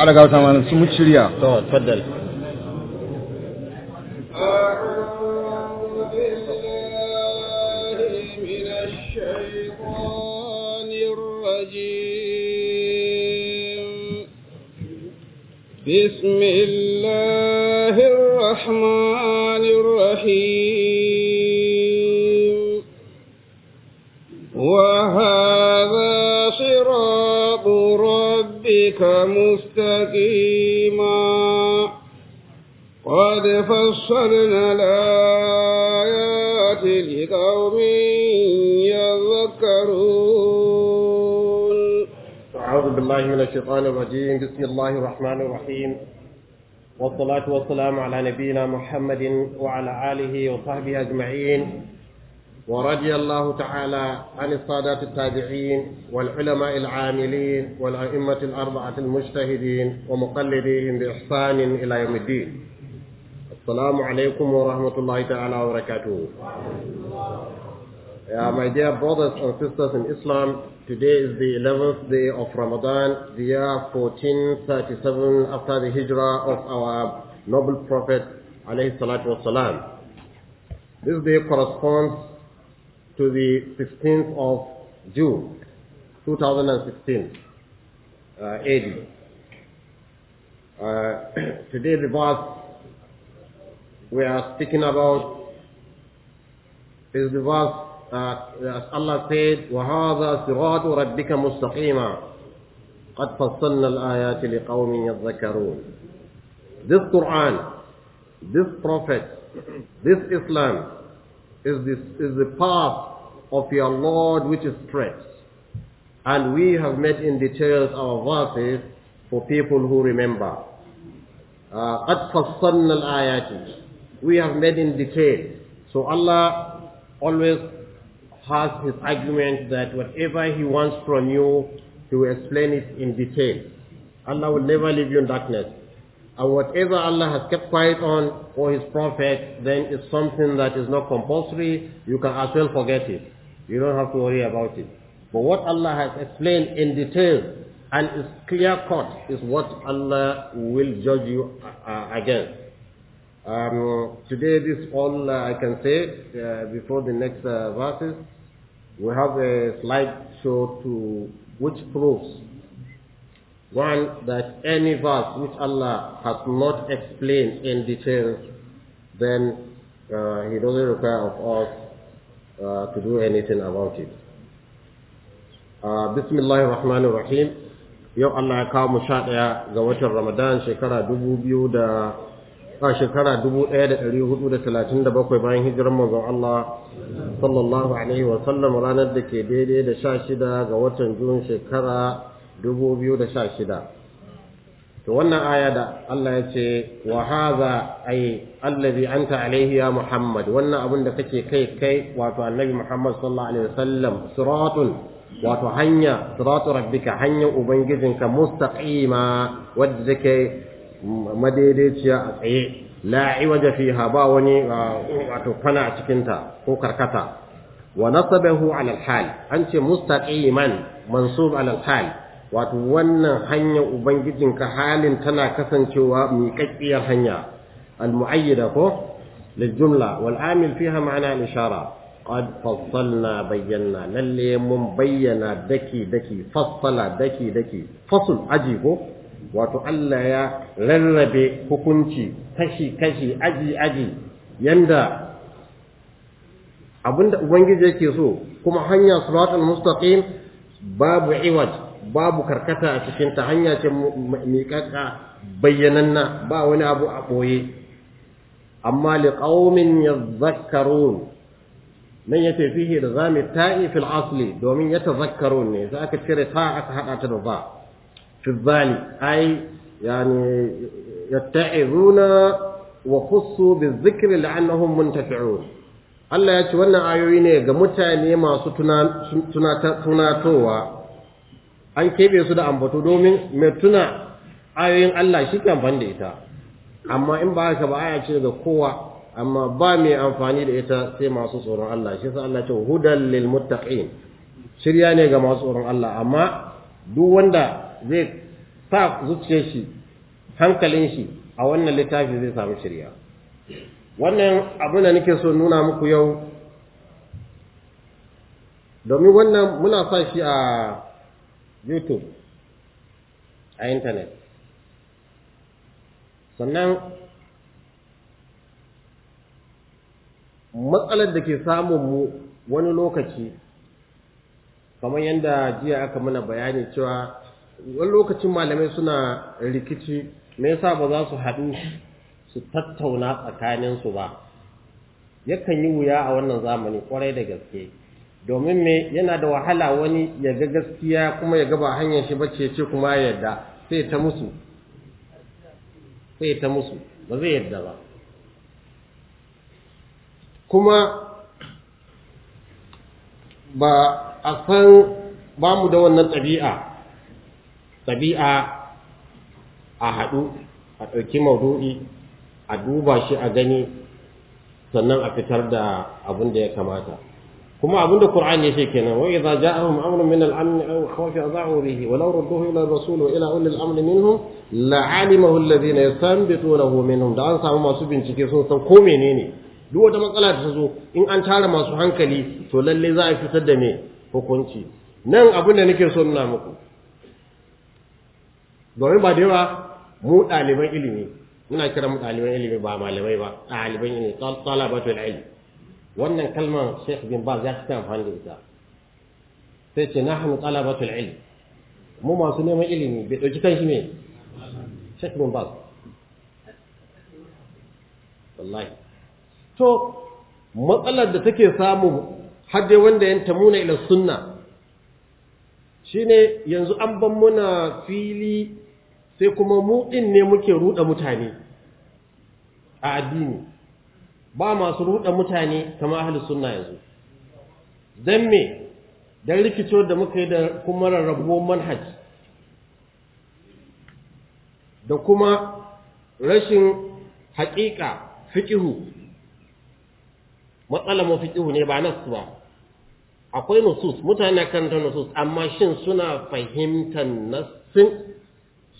على سمو تشريا تفضل أعوذ بالله من الشيطان الرجيم بسم الله الرحمن الرحيم وهذا ربك مستقيما قد فصلنا الآيات لقوم يذكرون أعوذ بالله من الشيطان الرجيم بسم الله الرحمن الرحيم والصلاة والسلام على نبينا محمد وعلى آله وصحبه أجمعين ورضي الله تعالى عن السادات التابعين والعلماء العاملين والأئمة الأربعة المجتهدين ومقلديهم بإحسان إلى يوم الدين السلام عليكم ورحمة الله تعالى وبركاته Yeah, my dear brothers and sisters in Islam, today is the 11th day of Ramadan, the year 1437 after the hijrah of our noble prophet alayhi salatu wasalam. This day corresponds to the 16th of June 2016 uh, AD. Uh, today the verse we are speaking about is the verse uh, Allah said وَهَذَا صِرَاطُ رَبِّكَ مُسْتَقِيمًا قد فصلنا الآيات لقوم يذكرون This Quran, this Prophet, this Islam is, this, is the path of your Lord which is straight. And we have made in details our verses for people who remember. قَدْ فَصَّلْنَا الْآيَاتِ We have made in detail. So Allah always has his argument that whatever he wants from you, he will explain it in detail. Allah will never leave you in darkness. And whatever Allah has kept quiet on for His Prophet, then it's something that is not compulsory. You can as well forget it. You don't have to worry about it. But what Allah has explained in detail and is clear cut is what Allah will judge you uh, uh against. Um, today this is all uh, I can say uh, before the next uh, verses. We have a slide show to which proves One, that any verse which Allah has not explained in detail, then uh, He doesn't require of us uh, to do anything about it. Uh, Bismillahir Rahmanir Rahim. Yau Allah ya kawo mu ɗaya ga watan Ramadan shekara dubu biyu da a shekara dubu ɗaya da ɗari hudu da talatin da bakwai bayan hijirar manzon Allah sallallahu alaihi wa sallam ranar da ke daidai da sha shida ga watan Jun shekara Dubu da shida. to wannan aya da Allah ya ce wa hadha ay allazi anta alayhi ya muhammad wannan abin da kake kai kai wato annabi muhammad sallallahu alaihi wasallam siratun wato hanya siratu rabbika hanyar ubangijinka mustaqima wadda take madaidaiciya a tsaye la iwaja fiha ba wani wato kwana a cikinta ko karkata wa nasabahu ala alhal an ce mustaqiman mansub ala alhal wato wannan hanyar ubangijinka halin tana kasancewa miƙaƙƙiyar hanya al-mu'ayyida ko للجملة والعامل فيها معنى الإشارة قد فصلنا بينا للي من بينا دكي دكي فصل دكي دكي فصل عجيب وتعالى يا للبي حكمتي كشي كشي أجي أجي يندا abinda ubangiji yake so kuma hanya siratal mustaqim babu iwaj babu karkata a cikinta hanya ce miƙaƙa bayyananna ba wani abu a ɓoye amma liƙaumin ya zakkarun nan ya fihi da za mu ta'i fil asli domin ya ta zakkarun ne za aka cire ta aka haɗa ta da za fi zali ai yani wa khussu bi zikri mun muntafi'un Allah ya ce wannan ayoyi ne ga mutane masu tunatowa an keɓe su da ambato domin mai tuna ayoyin Allah shi kan da ita amma in ba haka ba aya ce daga kowa amma ba mai amfani da ita sai masu tsoron Allah shi sa Allah ce hudan lil muttaqin shirya ne ga masu tsoron Allah amma duk wanda zai sa zuciyar shi hankalin shi a wannan littafi zai samu shirya wannan abin da nake so nuna muku yau domin wannan muna sa shi a youtube a intanet sannan matsalar da ke samun mu wani lokaci kamar yadda jiya aka mana bayani cewa wani lokacin malamai suna rikici me yasa ba za su haɗu su tattauna tsakaninsu ba yakan yi wuya a wannan zamani kwarai da gaske domin me yana da wahala wani ya ga gaskiya kuma ya gaba hanyar shi bace ce kuma ya sai ta musu sai ta musu ba zai yadda ba kuma ba a san ba mu da wannan tabi'a ɗabi'a a haɗu a ɗauki maudu'i a duba shi a gani sannan a fitar da abin da ya kamata kuma abinda Qur'ani yace kenan wa idza ja'ahum amrun min al-amn aw khawf adha'u bihi wa law radduhu ila rasul wa ila ulil amr minhum la'alimahu alladhina yastanbitunahu minhum da an samu masu bincike sun san ko menene duk wata matsala da ta zo in an tara masu hankali to lalle za a fitar da me hukunci nan abin da nake so nuna muku domin ba da yawa mu ɗaliban ilimi muna kira mu ɗaliban ilimi ba malamai ba ɗaliban ilimi talabatul ilmi wannan kalmar Sheikh bin Baz ya fita amfani da ita sai ce na nahnu talabatul ilm mu masu neman ilimi bai ɗauki kan shi ne. Sheikh bin Baz wallahi to matsalar da take samu har dai wanda ya tamuna ila sunna shine yanzu an ban muna fili sai kuma mu din ne muke ruda mutane a addini ba masu ruɗa mutane kama ahlus sunna yanzu dan me dan rikicewa da muka yi da kuma rarrabuwar manhaj da kuma rashin haƙiƙa fiƙihu, matsalar mu fiqihu ne ba nasu ba akwai nusus mutane karanta nusus amma shin suna fahimtar nassin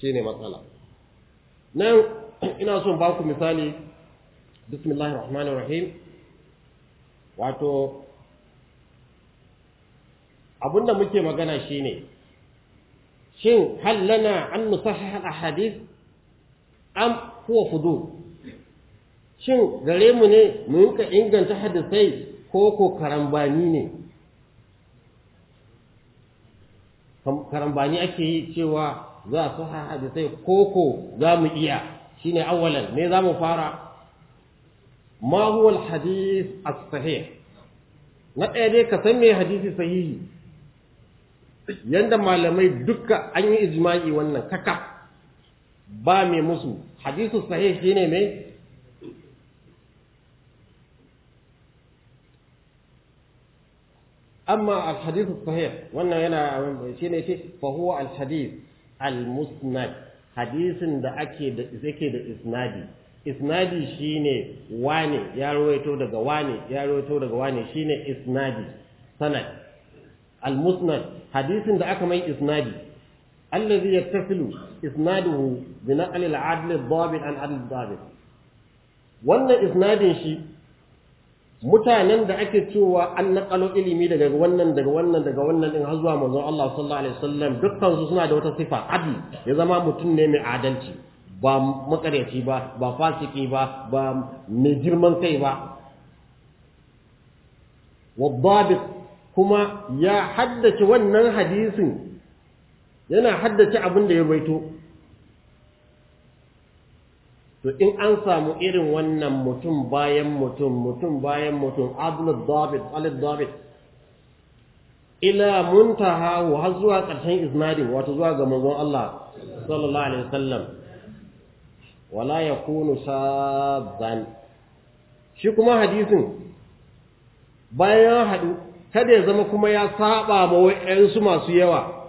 shine matsala nan ina son ba ku misali bismillahir rahmanir rahim wato abunda muke magana shine shin hal lana an nusahhih al ahadith am huwa fudul shin gare mu ne mu ka inganta hadisai ko ko karambani ne karambani ake yi cewa za su hadisai ko ko za mu iya shine awwalan ne za mu fara ma huwa al-hadith as-sahih na ɗaya dai ka san me hadisi sahihi yadda malamai duka an yi ijma'i wannan kaka ba mai musu hadisu sahih ne mai amma al-hadithu sahih wannan yana shine ce fa huwa al al-musnad hadisin da ake da yake da isnadi isnadi shine wane ya rawaito daga wane ya rawaito daga wane shine isnadi sanad almusnad hadisin da aka mai isnadi allazi yattasilu isnaduhu bi naqli al-adl ad-dabit an adl ad-dabit wannan isnadin shi mutanen da ake cewa an naqalo ilimi daga wannan daga wannan daga wannan din har zuwa manzon Allah sallallahu alaihi wasallam dukkan su suna da wata sifa adl ya zama mutum ne mai adalci ba makaryaci ba ba fasiki ba ba mai girman kai ba waddabit kuma ya haddace wannan hadisin yana haddace abin da ya baito to in an samu irin wannan mutum bayan mutum mutum bayan mutum abdul dabit alid dabit ila muntaha har zuwa ƙarshen isnadin wato zuwa ga manzon Allah sallallahu alaihi wasallam wala ya kunu sazan, shi kuma hadisin bayan ya haɗu kada ya zama kuma ya saba ma wa'ansu masu yawa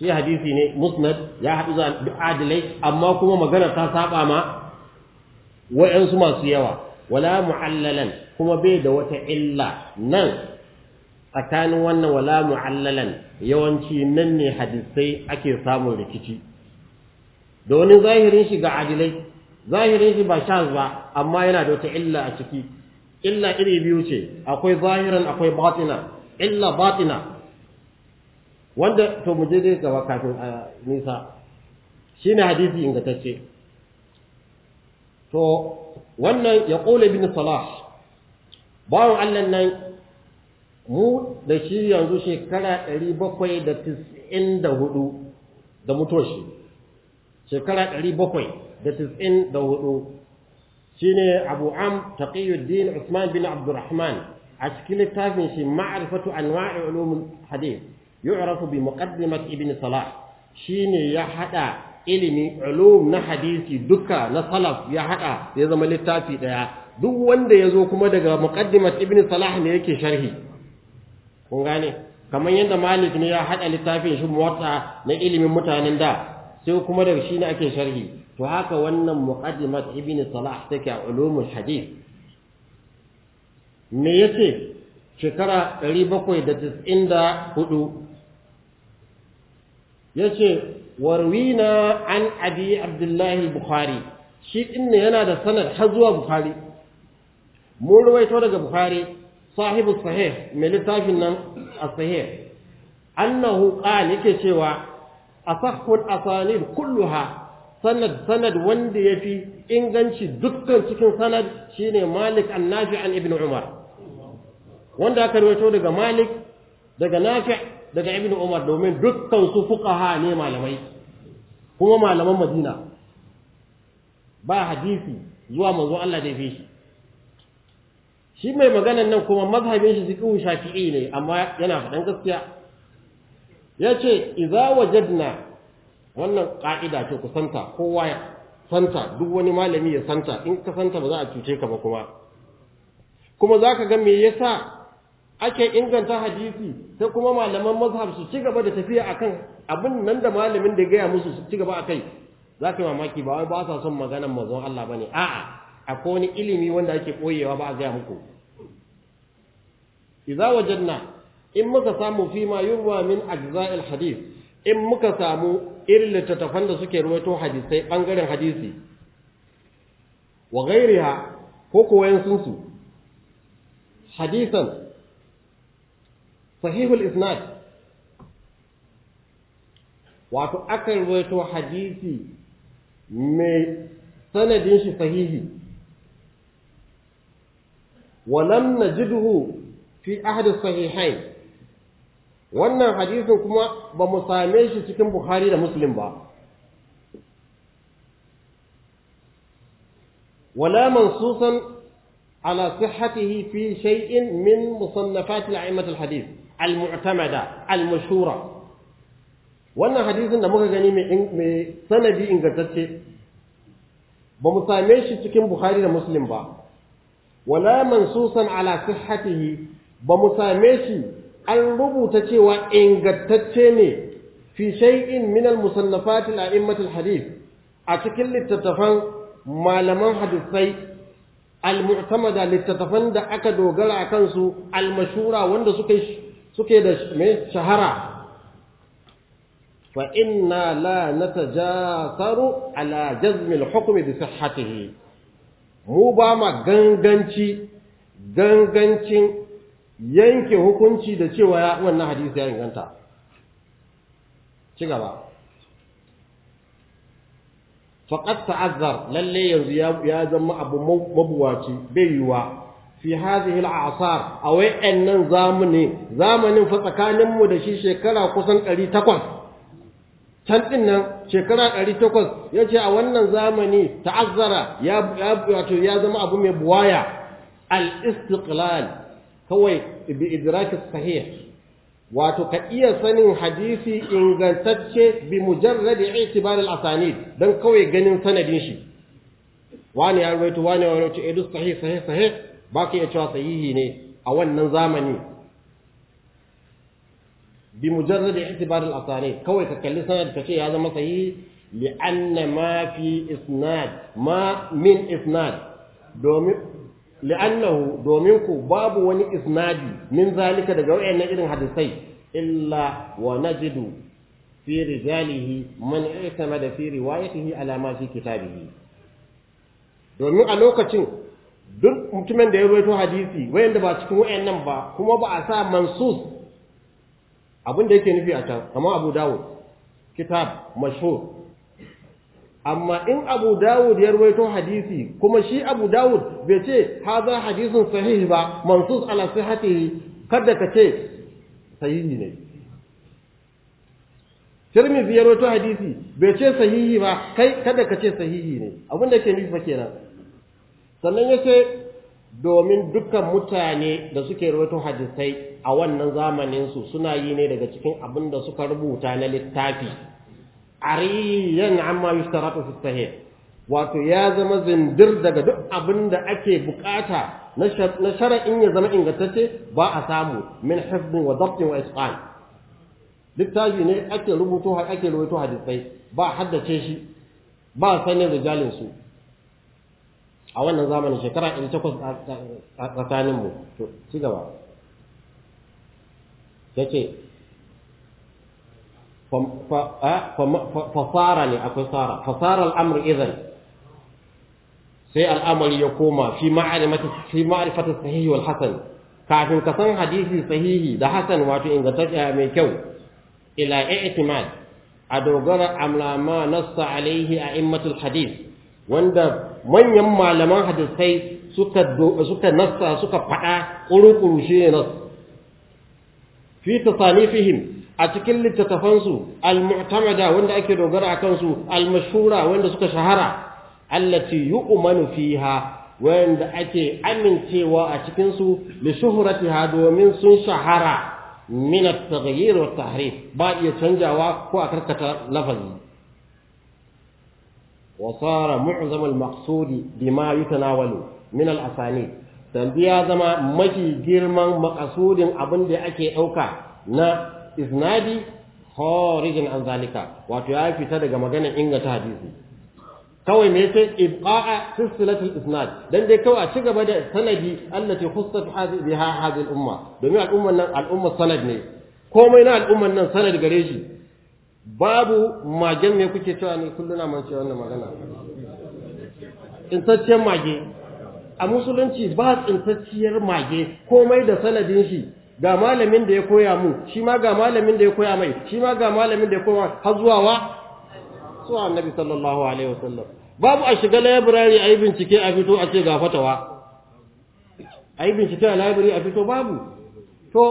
shi hadisi ne musnad ya haɗu za adilai amma kuma magana ta saba ma wa'yansu masu yawa wala mu'allalan kuma bai da wata illa nan tsakanin wannan wala mu'allalan yawanci nan ne hadisai ake samun rikici domin zahirin shi ga adilai zahirin shi ba shaz ba amma yana da wata illa a ciki illa iri biyu ce akwai zahiran akwai batina illa batina wanda to mu je dai gaba kafin a nisa shine hadisi ingantacce to wannan ya qula bin salah bawon Allah nan mu da shi yanzu shekara 794 da mutuwar shi shekara da 794 shine Abu Am Taqiyuddin Usman bin Abdurrahman a cikin littafin shi ma'rifatu anwa'i ulumul hadith yu'rafu bi muqaddimat ibn Salah shine ya hada ilimi ulum na hadisi duka na salaf ya hada ya zama littafi daya duk wanda yazo kuma daga muqaddimat ibn Salah ne yake sharhi kun gane kamar yadda Malik ne ya hada littafin shi muwatta na ilimin mutanen da sai kuma da shi ne ake sharhi to haka wannan muqaddimat ibn salah take a ulumul hadith me yace shekara 794 yace warwina an abi abdullahi bukhari shi din yana da sanad har zuwa bukhari mu ruwaito daga bukhari sahibu sahih mai littafin nan a sahih annahu qala yake cewa asahhul asanid kulluha sanad sanad wanda yafi inganci dukkan cikin sanad shine Malik an an Ibn Umar wanda aka rawaito daga Malik daga Nafi' daga Ibn Umar domin dukkan su fuqaha ne malamai kuma malaman Madina ba hadisi zuwa manzo Allah da yafi shi shi mai maganan nan kuma mazhabin shi fiqhu shafi'i ne amma yana faɗan gaskiya Ya ce, Iza wajadna wannan ka'ida ce ku santa kowa ya santa duk wani malami ya santa in ka santa ba za a cuce ka ba kuma kuma za ka ga me yasa ake inganta hadisi ta kuma malaman mazhab su ci gaba da tafiya a kan abin nan da malamin da gaya musu su ci gaba kai, za ka yi mamaki ba wai ba sa son maganar mazan Allah ba ne a'a akwai wani ilimi wanda ake koyewa ba a gaya muku Iza wajen na. in muka samu fi ma yurwa min ajza'il hadith in muka samu irin littattafan da suke ruwaito hadisai bangaren hadisi wa ghairiha ko koyan su hadisan sahihul isnad wato aka ruwaito hadisi mai sanadin shi sahihi wa lam najidhu fi as sahihain wannan hadisin kuma ba mu same shi cikin bukhari da muslim ba wala ala ولا منصوصا على صحته في شيء من مصنفات الأئمة الحديث al المشهورة wannan hadisin da muka gani mai sanadi ingantacce ba mu same shi cikin Bukhari da Muslim ba wala mansusan ala sihhatihi ba mu same shi an rubuta cewa ingantacce ne fi shay'in min al-musannafat al-a'immat al-hadith a cikin littattafan malaman hadisai al-mu'tamada littattafan da aka dogara a kansu al-mashura wanda suke suke da mai shahara fa inna la natajasaru ala jazm al-hukm bi sihhatihi mu ba ma ganganci gangancin yanke hukunci da cewa ya wannan hadisi ya inganta ci gaba faqad ta'azzar lalle yanzu ya zama abu mabuwaci bai yiwa fi hadhihi al'asar a wayannan zamani zamanin fa tsakanin mu da shi shekara kusan 800 can din nan shekara 800 yace a wannan zamani ta'azzara ya wato ya zama abu mai buwaya al-istiqlal kawai bi idraki sahih wato ka iya sanin hadisi ingantacce bi mujarrad i'tibar al-asanid dan kawai ganin sanadin shi wani ya rawaito wani ya rawaito edu eh, sahih sahih sahih ka iya cewa sahihi ne a wannan zamani bi mujarrad i'tibar al-asanid kawai ka kalli sanad ce ya zama sahihi لأن ما في إسناد ما من إسناد domin li'annahu domin ku babu wani isnadi min zalika daga wayannan irin hadisai illa wa najidu fi rijalihi man da fi riwayatihi ala ma fi kitabihi domin a lokacin duk mutumin da ya rawaito hadisi wayanda ba cikin wayannan ba kuma ba a sa mansus abin da yake nufi a can kamar Abu Dawud kitab mashhur amma in Abu Dawud ya rawaito hadisi kuma shi Abu Dawud bai ce haza hadisin sahihi ba mansus ala sihhatihi kada ka sahihi ne shirmi ya rawaito hadisi bai ce sahihi ba kai kada ka ce sahihi ne abin da ke nufi fa kenan sannan ya ce domin dukkan mutane da suke rawaito hadisai a wannan zamanin su suna yi ne daga cikin abin da suka rubuta na littafi ariyan amma yushtaratu fi sahih wato ya zama zindir daga duk abin da ake bukata na shara'in ya zama ingantacce ba a samu min hifdin wa dabtin wa isqan littafi ne ake rubuto har ake rawaito hadisai ba haddace shi ba sanin rijalin su a wannan zamanin shekara 18 tsakanin mu to ci gaba yace fa fa fa fa ne akwai sara fa sara idan sai al'amari ya koma fi ma'arifata sahihi wal hasan kafin ka san hadisi sahihi da hasan wato ingantacce mai kyau ila i'timad a dogara amlama nasta alaihi a immatul hadis wanda manyan malaman hadisai suka nasta suka faɗa ƙuruƙuru shi ne nas fi fihim a cikin littattafansu al-mu'tamada wanda ake dogara a kansu al wanda suka shahara allati yu'manu fiha wanda ake amincewa a cikin su li shuhratiha domin sun shahara min at-taghyir wa tahrif ba iya canjawa ko a karkata lafazi wa sara mu'zam al-maqsudi bima yutanawalu min al-asanid tambiya zama mafi girman maqasudin abin da ake dauka na isnadi kharijin an zalika wato ya fita daga maganar inganta hadisi kawai me yace ibqa'a silsilatul isnad dan dai kawai a ci gaba da sanadi allati khussat biha hadhihi al-umma domin al'umman nan al-umma sanad ne komai na al'umman nan sanad gare shi babu magen me kuke cewa ne kulluna man ce wannan magana tsintacciyar mage a musulunci ba tsintacciyar mage komai da sanadin shi ga malamin da ya koya mu shi ma ga malamin da ya koya mai shi ma ga malamin da ya koya har zuwa wa suna annabi sallallahu alaihi wasallam babu a shiga library a yi bincike a fito a ce ga fatawa a yi bincike a library a fito babu to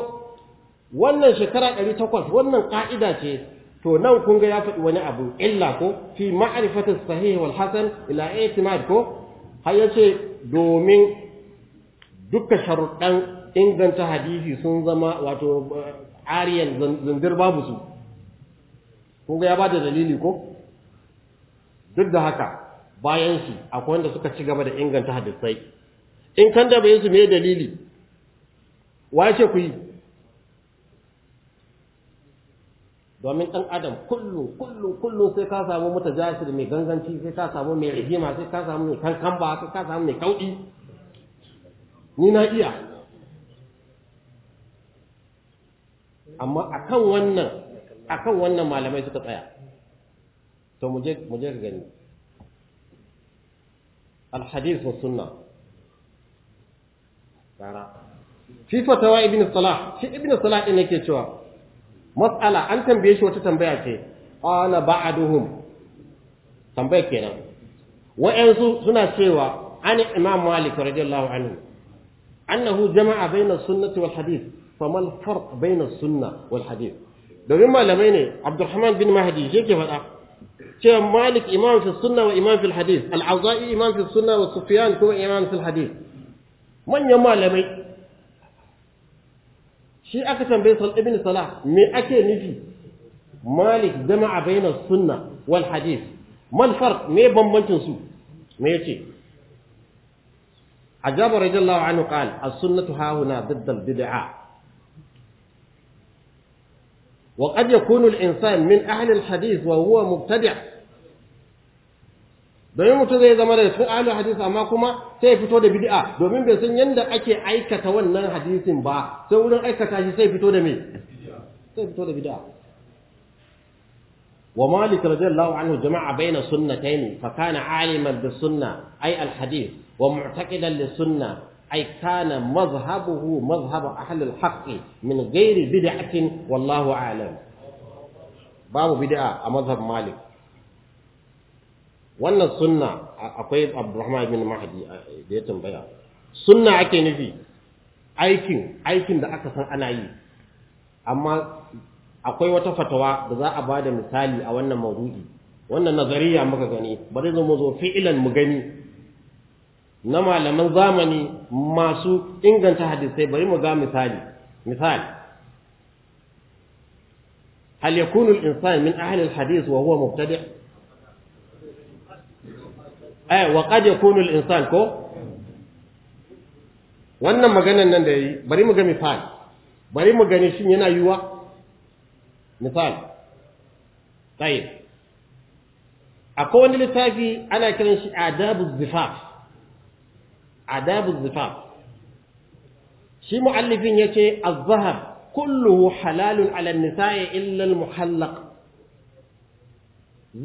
wannan shekara ɗari takwas wannan ƙa'ida ce to nan kun ga ya faɗi wani abu illa ko fi ma'rifati sahih wal hasan ila i'timad ko har yace domin duka sharuɗan inganta hadisi sun zama wato eh, ariyan zindir babu su kun ga ya bada dalili ko duk da haka bayan su akwai wanda suka ci gaba da inganta hadisai in kan da bayan su me dalili wace ku yi domin ɗan adam kullum kullum kullum sai ka samu mata mai ganganci sai ka samu mai rihima sai ka samu mai kankamba sai ka samu mai kaudi ni na iya amma akan wannan akan wannan malamai suka tsaya مجھے مجھے گئی الحديث والسنة في فتوى ابن الصلاح في ابن الصلاح إنك شو مسألة أن تنبيه كي قال بعدهم تنبيعك وإن سنة شو عن الإمام مالك رضي الله عنه أنه جمع بين السنة والحديث فما الفرق بين السنة والحديث دوما لمين عبد الرحمن بن مهدي جيكي فالأخ cewa malik imam fi sunna wa imam fil hadith al-auza'i imam fi sunna wa sufyan kuma imam fil hadith manyan malamai shi aka tambaye sal ibn salah me ake nufi malik jama'a bainas sunna wal hadith man farq me bambancin su me yace ajaba radiyallahu anhu qala as-sunnatu hahuna didda al-bid'ah وقد يكون الإنسان من أهل الحديث وهو مبتدع domin mutum zai zama da cikin ahlul hadisi amma kuma sai fito da bid'a domin bai san yadda ake aikata wannan hadisin ba sai wurin aikata shi sai fito da me sai fito da bid'a wa malik radiyallahu anhu jama'a baina sunnatayn fa kana aliman bis sunnah ay al hadith wa mu'taqidan lis sunnah أي كان مذهبه ahlul أهل الحق من غير wallahu alam Babu باب a مذهب malik. wannan sunna akwai abdurrahman bin mahdi da ya tambaya sunna ake nufi aikin aikin da aka san ana yi amma akwai wata fatawa da za a bada misali a wannan maudu'i wannan nazariya muka gani bari zo mu zo fi'ilan mu gani na malaman zamani masu inganta hadisai bari mu ga misali misali hal yakunu al-insan min ahli al-hadith wa huwa mubtadi' ay eh, wa qad yakunu al-insan ko wannan maganan nan da yi bari mu ga misali bari mu gani shin yana yiwa misali tayyib akwai wani littafi ana kiran shi adabu zifaf adabu zifaf shi mu'allifin yace az-zahab kulluhu halalun ala nisa'i illa al-muhallaq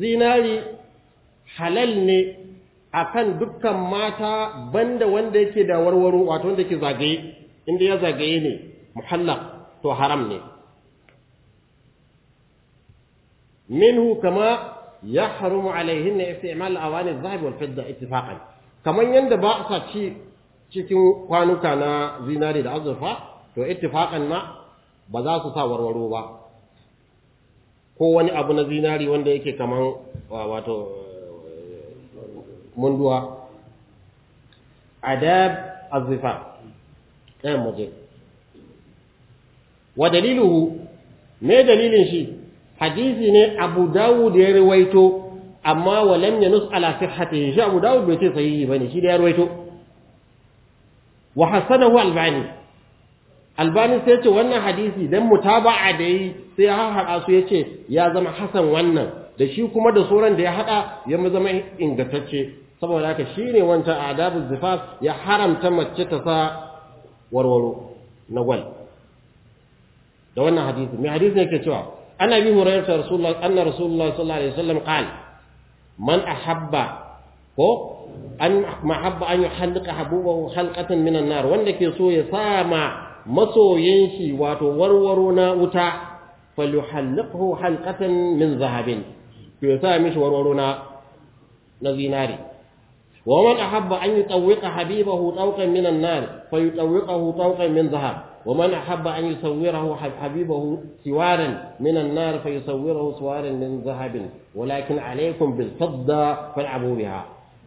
zinari halal ne akan dukkan mata banda wanda yake da warwaro wato wanda yake zagaye inda ya zagaye ne muhallaq to haram ne منه كما يحرم عليهن استعمال أواني الذهب والفضة اتفاقا kamar yadda ba sa ci cikin kwanuka na zinari da azurfa to ittifaqan ma ba za su sa warwaro ba ko wani abu na zinari wanda yake kaman wato munduwa adab azurfa. ɗayan waje wa daliluhu me dalilin shi hadisi ne abu dawud ya rawaito amma walam nus ala sihhatihi shi Abu Dawud bai ce sahihi bane shi da ya ruwaito wa hasanahu albani albani sai ce wannan hadisi dan mutaba'a da yi sai ya haɗa su yace ya zama hasan wannan da shi kuma da sauran da ya haɗa ya zama ingantacce saboda haka shine wancan adabul zifaf ya haramta mace ta sa warwaro na gwal da wannan hadisi mai hadisi yake cewa ana bi hurairah rasulullah anna rasulullah sallallahu alaihi wasallam qala man ahabba ko an mahabba an yuhalliqa habubahu halqatan minan nar wanda ke so ya sama masoyin shi wato warwaro na wuta falyuhalliqhu halqatan min zahabin to ya sa mishi warwaro na na zinari wa man ahabba an yutawwiqa habibahu tawqan minan nar fayutawwiqahu tawqan min zahab ومن أحب أن يصوره حبيبه سوارا من النار فيصوره سوارا من ذهب ولكن عليكم بالفضة فالعبوا بها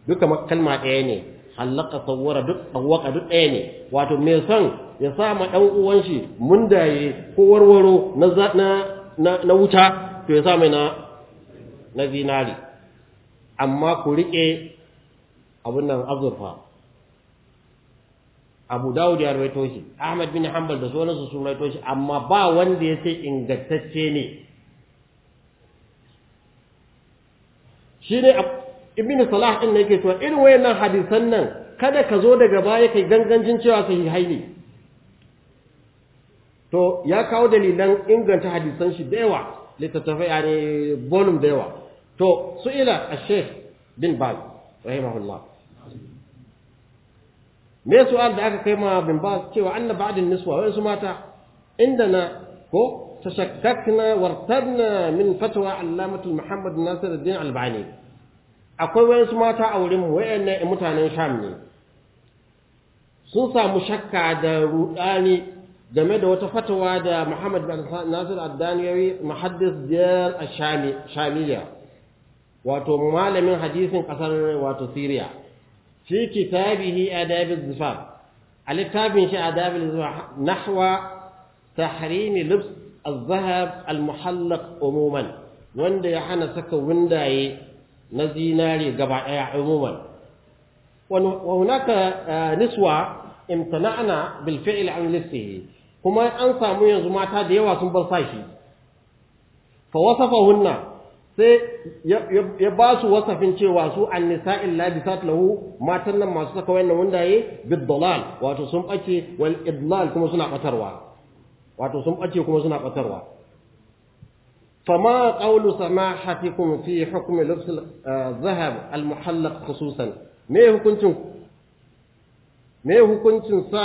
duk kamar kalma ɗaya ne hallaka tsawara duk tsawaka duk ɗaya ne wato mai son ya sa ma ɗan uwan shi mundaye ko warwaro na wuta to ya sa mai na zinari amma ku riƙe abin nan azurfa abu dawud ya rawaito shi ahmad bin hanbal da sauransu sun rawaito shi amma ba wanda ya ce ingantacce ne shi ne ibn salah din ne yake cewa irin wayannan hadisan nan kada ka zo daga baya kai gangancin cewa sai ne to ya kawo dalilan inganta hadisan shi da yawa littattafai a ne volume da yawa to su'ila a sheikh bin baz rahimahullah me su'al da aka kai ma bin ba cewa anna ba'din niswa wa su mata indana ko tashakkakna wartabna min fatwa allamatu muhammad nasiruddin albani akwai wayansu mata a wurin wayannan mutanen sham ne sun samu shakka da rudani game da wata fatawa da muhammad nasir addaniyawi muhaddis diyar ashami shamiya wato malamin hadisin kasar wato syria fi kitabihi adabul zifaf a littafin shi adabul zifaf nahwa tahrimi libs az-zahab al-muhallaq umuman wanda ya hana saka windaye na zinari gaba daya umuman wa hunaka eh, niswa imtana'na bil fi'l kuma an samu yanzu mata da yawa sun bar sashi fa wasafahunna sai ya ba su wasafin cewa su annisa'il labisat lahu matan nan masu saka wayannan wundaye biddalal wato sun bace wal idlal kuma suna batarwa wato sun bace kuma suna batarwa fama qawlu samahatikum fi hukmi lubs dhahab al ah, muhallaq khususan me hukuncin me hukuncin sa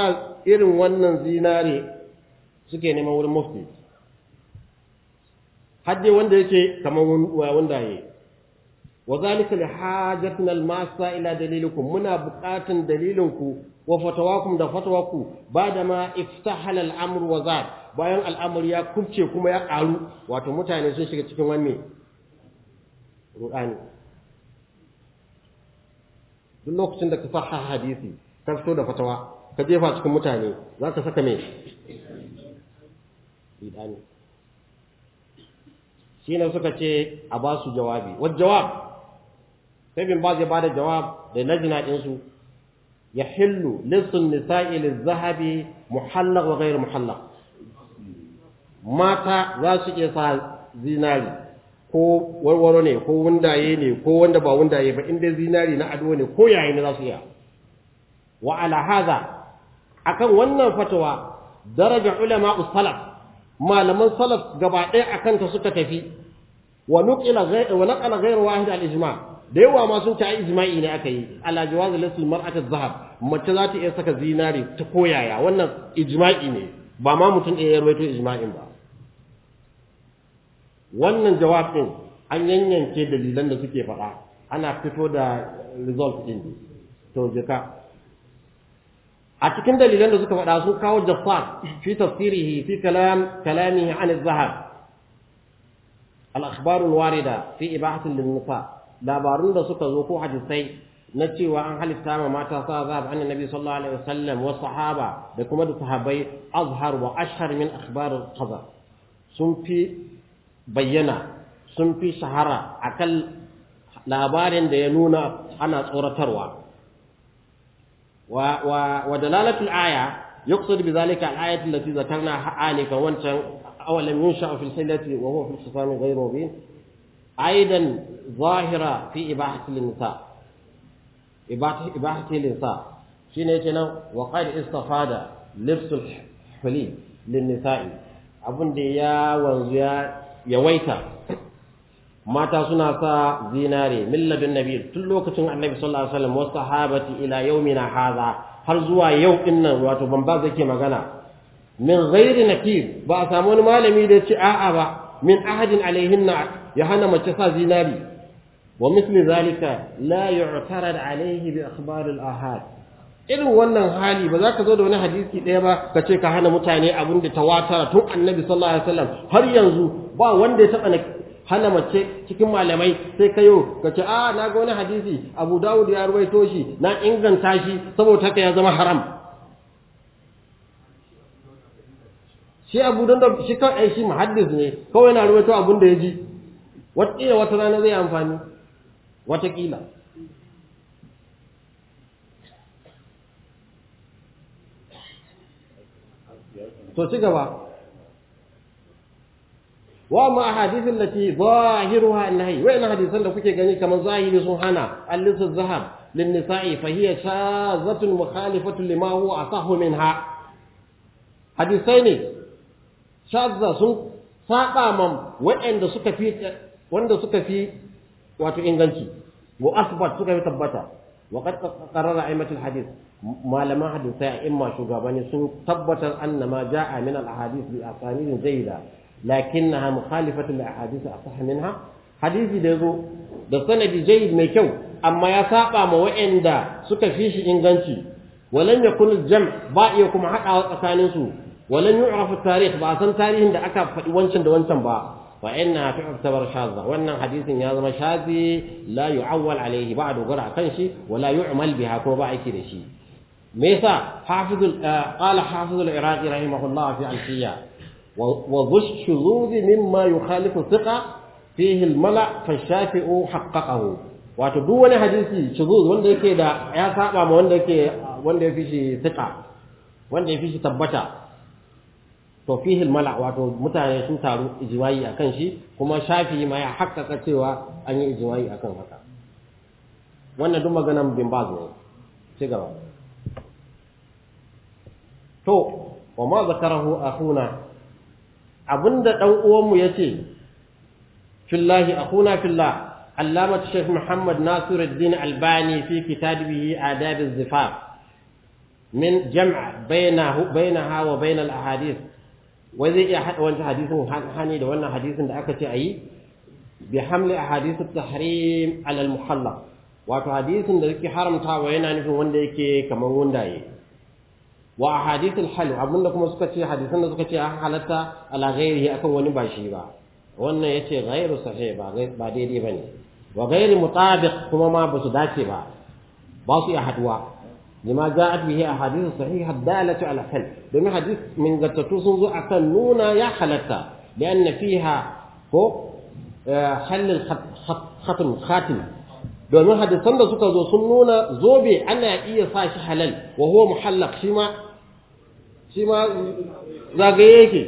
irin wannan zinare suke neman wurin mufti har wanda yake kamar wanda yi wa zalika li hajatina al-masa ila dalilikum muna bukatan dalilinku wa fatawakum da fatawaku bada ma iftahal al-amru wa bayan amru ya kubce kuma ya ƙaru wato mutane sun shiga cikin wanne ruɗani duk lokacin da ka fara hadisi ka fito da fatawa ka jefa cikin mutane za ka saka me ruɗani shi ne suka ce a ba su jawabi wal jawab sai bin zai ya bada jawab da na din su yahillu lisun Nisa'il Zahabi, muhallar wa ghayr muhallar mata za su iya sa zinari ko warware ne ko wundaye ne ko wanda ba wundaye ba inda zinari na ado ne ko yayi ne za su iya wa ala a akan wannan fatawa daraja ulama salaf malaman salaf gaba ɗaya a kanta suka tafi wa nuqila ghayr wa naqala ghayr wahid al ijma da yawa ma sun ta ijma'i ne aka yi ala jawaz lisl mar'at zahab mace za ta iya saka zinari ta koyaya wannan ijma'i ne ba ma mutum ɗaya ya rawaito ijma'in ba wannan jawabin an yanyanke dalilan da suke faɗa ana fito da result din to jika a cikin dalilan da suka faɗa sun kawo jaffar fi tafsirihi fi kalamihi an Zahar, zahab al warida fi ibahati lin-nisa labarun da suka zo ko hadisai na cewa an halitta ma mata sa zahab annan nabi sallallahu alaihi wasallam wa sahaba da kuma da sahabbai azhar wa ashhar min akhbar al sun fi bayyana sun fi shahara akan labarin da ya nuna ana tsoratarwa ودلالة الآية يقصد بذلك الآية التي ذكرناها آنفا وانشا أولم ينشأ في الحلة وهو في الخصام غير مبين أيضا ظاهرة في إباحة النساء إباحة النساء شين يتنا وقد استفاد لبس الحلي للنساء أبن وزياء يا وانزيا يويتا mata suna sa zinare milladun nabi tun lokacin annabi sallallahu alaihi wasallam wasu sahabati ila yaumina hadha har zuwa yau din nan wato ban ba zake magana min ghairi nakir ba a samu wani malami da ya ce a'a ba min ahadin alaihinna ya hana mace sa zinari wa misli zalika la yu'tarad alaihi bi akhbar ahad irin wannan hali ba za ka zo da wani hadisi ɗaya ba ka ce ka hana mutane abin da watara tun annabi sallallahu alaihi wasallam har yanzu ba wanda ya taɓa hana mace cikin malamai sai kayo ka ce a ah, na ga wani hadisi abu dawud ya ruwaito shi na inganta shi saboda haka ya zama haram shi abu don shi kan ai eh, shi muhaddis ne kawai na ruwaito abun da ya ji wata eh, wata rana zai amfani kila to ci gaba wa ma ahadithin lati zahiruha annahi wa ina hadisan da kuke gani kamar zahiri sun hana allinsa zahar lin nisa'i fa hiya shazatun mukhalifatun lima huwa asahu ha hadisai ne shazza sun saba man wa'anda suka fi wanda suka fi wato inganci wa asbat suka fi tabbata wa qad qarrara aimatul hadith malaman hadisai imma shugabani sun tabbatar annama ja'a min al-ahadith bi asanidin da. lakinnaha mukhalifatu a ahadith asah minha hadisi da zo da sanadi jayyid mai kyau amma ya saba ma wa'anda suka fi shi inganci walan yakun jam ba iya kuma hadawa tsakanin su walan yu'rafu tarikh ba san tarihin da aka faɗi wancan da wancan ba wa inna tu'tabar shadha wannan hadisin ya zama shazi la yu'awwal alayhi ba dogara kan shi wala yu'mal biha ko ba aiki da shi me yasa hafizul qala hafizul iraqi rahimahullah fi alfiya وذو الشذوذ مما يخالف الثقة فيه الملأ فالشافع حققه wato duk wani hadisi shuzuz wanda yake da ya saba ma wanda yake wanda ya shi thiqa wanda ya fishi tabbata to fihi mala wato mutane sun taru ijwayi akan shi kuma shafi ma ya hakkaka cewa an yi ijwayi akan haka wannan duk maganan bin baz ne ci gaba to wa ma zakarahu akhuna da ɗan uwanmu ya ce, Fillahi a kuna filla, Allah Sheikh Muhammad Nasiruddin Albani fi kitabihi adabiz zifaf min jam'a bainaha wa bainal ahadis wa zai iya hada wancan hadisin hani da wannan hadisin da aka ce a yi bi hamli ahadisu tahrim alal muhallab wato hadisin da yake haramtawa yana nufin wanda yake kamar wanda yake wa hadithul hal abinda kuma suka ce hadisan da suka ce an halatta ala ghairihi akan wani ba shi ba wannan yace ghairu sahih ba ba daidai bane wa ghairi mutabiq kuma ma ba su dace ba ba su iya haduwa lima ja'at bihi ahadith sahiha dalatu ala hal domin hadith min gattatu sun zo akan nuna ya halatta lianna fiha ko eh, hal khatm khatim domin hadisan da suka zo sun nuna zobe ana iya sa shi halal wa huwa muhallaq shi ma shi ma zagaye yake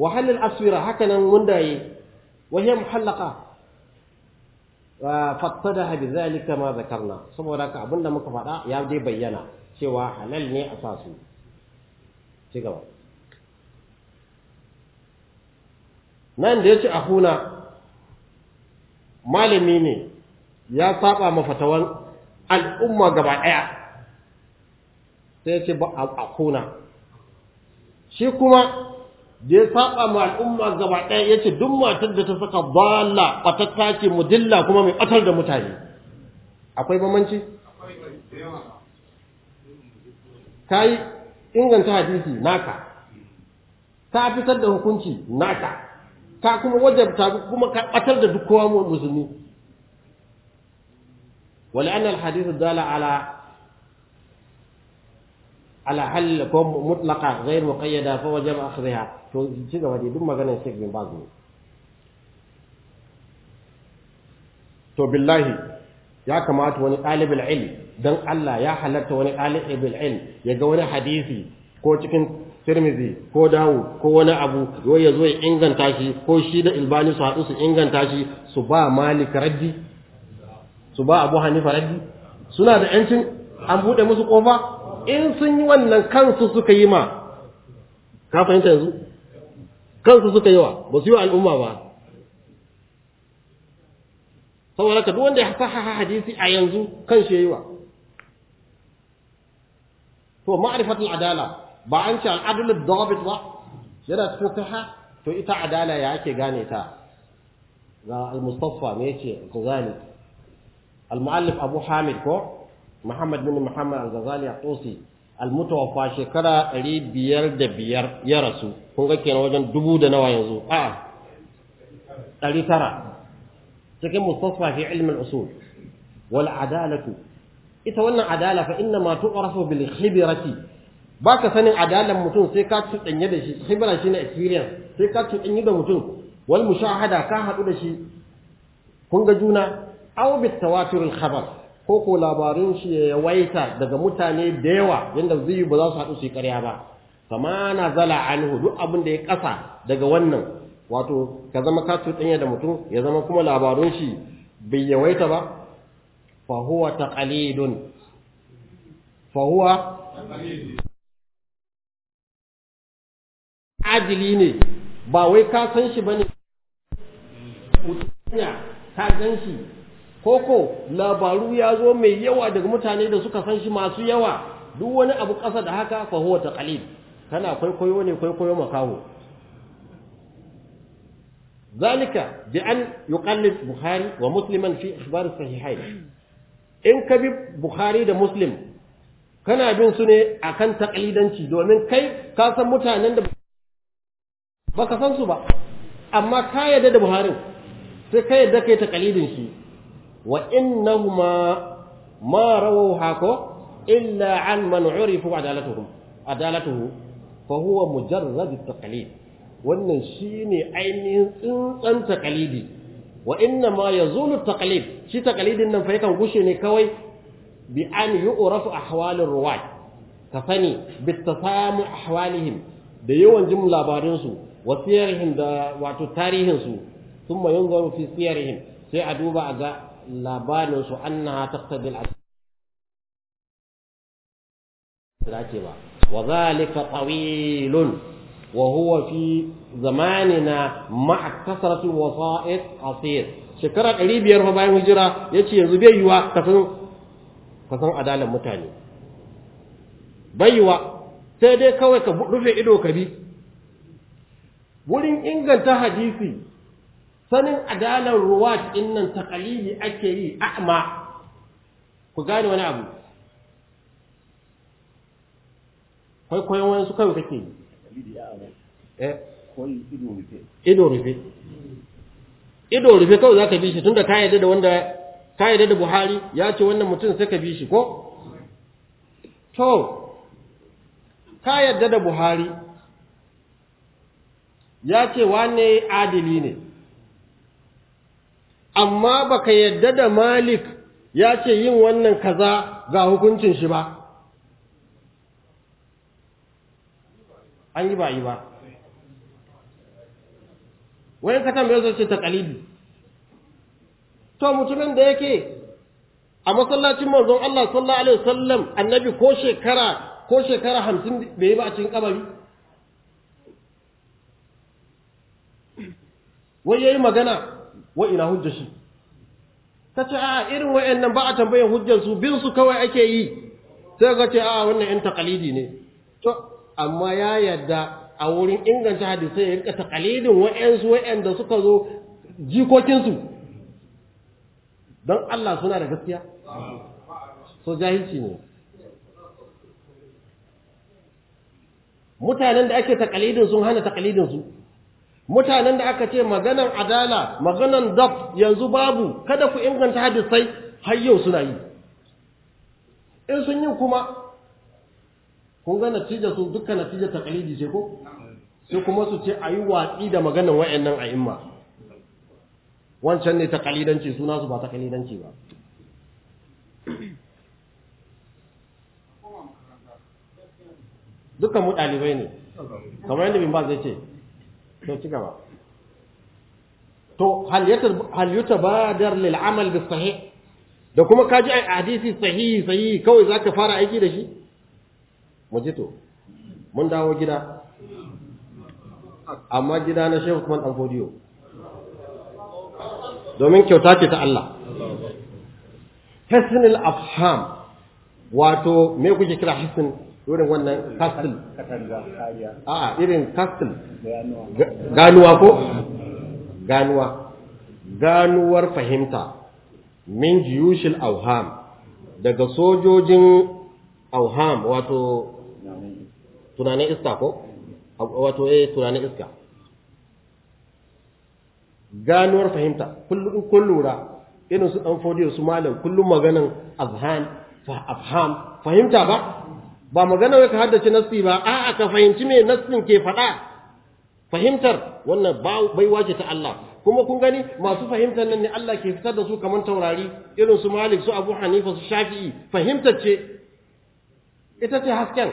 wa halal aswira haka nan mundaye wa hiya muhallaqa fattadaha bi zalika ma zakarna saboda ka abinda muka faɗa ya dai bayyana cewa halal ne a sa su ci gaba nan da ya ci a huna malami ne ya saba ma fatawan al'umma gaba ɗaya sai ya ce ba a kuna. shi kuma da ya saba ma al'umma gaba ɗaya ya ce duk matar da ta saka bala ɓatatta ce mudilla kuma mai ɓatar da mutane akwai bambanci ka yi inganta hadisi naka ka fitar da hukunci naka ka kuma wajabta kuma ka ɓatar da duk kowa musulmi ولأن ala دال على على حل كم مطلقة غير مقيدة فوجب أخذها شو كذا ودي دم مغنى الشيخ بن باز to billahi ya kamata wani ɗalibin ilm don Allah ya halatta wani ɗalibin ilm ya ga wani hadisi ko cikin tirmizi ko dawo ko wani abu wai ya ya inganta shi ko shi da ilbani su haɗu su inganta shi su ba malik raddi su ba abu hanifa raddi suna da yancin an buɗe musu ƙofa in sun yi wannan kansu suka yi ma ka fahimta yanzu kansu suka yi wa ba su yi wa al'umma ba saboda ka duwanda wanda ya ha hadisi a yanzu kan shi yi wa to ma'rifatul adala ba an ce al'adul dabit ba yana cikin saha to ita adala ya ake gane ta ga al-mustafa ne ku ghazali al abu hamid ko muhammad bin muhammad al-ghazali at-tusi al-mutawaffa shekara 505 ya rasu kun ga kenan wajen dubu da nawa yanzu a 900 cikin mustasfa fi ilm al-usul wal adalatu ita wannan adala fa inna ma tu'rafu bil khibrati baka sanin adalan mutum sai ka tudanye da shi khibra shine experience sai ka tudanye da mutum wal mushahada ka hadu da shi kun ga juna aw bi tawatur khabar ko ko labarin shi ya yawaita daga mutane da yawa yanda zai ba za su haɗu su yi ƙarya ba kama na zala anhu duk abin da ya kasa daga wannan wato ka zama ka cuɗanya da mutum ya zama kuma labarun shi bai yawaita ba fa huwa taqalidun fa huwa adili ne ba wai ka san shi bane ka gan shi koko labaru ya zo mai yawa daga mutane da suka san shi masu yawa duk wani abu ƙasa da haka fa huwa taqlid kana kwaikwayo ne kwaikwayo makaho zalika bi an yuqallid bukhari wa musliman fi ikhbar sahihain in ka bi bukhari da muslim kana bin su ne akan taqlidanci domin kai ka san mutanen da baka san su ba amma ka yadda da Buhari sai ka yadda kai taqlidin shi wa innahuma ma rawuha ko illa an man urifu adalatuhum adalatuhu fa huwa mujarrad taqlid wannan shine ainihin tsuntsan taqlidi wa inna ma yazulu taqlid shi taqlidin nan fa yakan gushe ne kawai bi an yu'rafu ahwalir ruwat ka sani bitasamu ahwalihim da yawan jin su wa siyarihim da wato tarihinsu thumma yanzaru fi siyarihim sai a duba a ga labarin su annaha taqtadi al-dace ba wa zalika tawilun wa huwa fi zamanina ma'a kasratul wasa'id asir shekara 500 fa bayan hijira yace yanzu bai yiwa ka san adalan mutane bai yiwa sai dai kawai ka rufe ido ka bi wurin inganta hadisi sanin adalar ruwat in nan taqalili ake yi a'ma ku gane wani abu kai wani su kai kake yi eh? ido rufe ido rufe ido rufe kawai zaka bi shi tunda ka yadda da wanda ka yadda da Buhari ya ce wannan mutum sai ka bi shi ko to ka yadda da Buhari ya ce wane adili ne amma baka yadda da malik ya ce yin wannan kaza ga hukuncin shi ba an yi ba yi ba wani ka tambaye zai ce ta kalibi to mutumin da yake a masallacin manzon Allah sallallahu alaihi wasallam annabi ko shekara ko shekara hamsin bai yi ba a cikin kabari wai yayi magana wa ina hujjar shi ta ce a irin nan ba a tambayin hujjar su bin su kawai ake yi sai ga ce a wannan yan takalidi ne to amma ya yadda a wurin inganta hadisai ya rika taqalidin wa'yan wa'anda suka zo jikokinsu don Allah suna da gaskiya so jahilci ne mutanen da ake takalidin sun hana takalidin su mutanen da aka ce maganan adala maganan dab yanzu babu kada ku inganta hadisai har yau suna yi in sun yi kuma kun ga natija su duka natija kalidi ce ko sai kuma su ce ayi watsi da maganan wayannan a'imma wancan ne kalidanci suna su ba ta kalidanci ba dukan mu dalibai ne kamar yadda bin ba zai ce sai ci gaba to hal yutabadar lil amal bis sahih da kuma ji a hadisi sahih sahihi kawai zaka fara aiki da shi mu ji to mun dawo gida amma gida na Sheikh Usman Danfodiyo domin kyauta ce ta Allah hasnul afham wato me kuke kira hasn Irin wannan castle a'a irin castle ganuwa ko ganuwa ganuwar fahimta min jiyushin auham daga sojojin auham wato tunanin iska ko wato eh tunanin iska ganuwar fahimta kullum kun lura irin su dan fodiyo su malam kullum maganin afham fahimta ba ba magana wai ka haddace nasfi ba a'a ka fahimci me nasfin ke faɗa fahimtar wannan baiwa ce ta Allah kuma kun gani masu fahimtar nan ne Allah ke fitar da su kamar taurari irin su Malik su Abu Hanifa su Shafi'i fahimtar ce ita ce hasken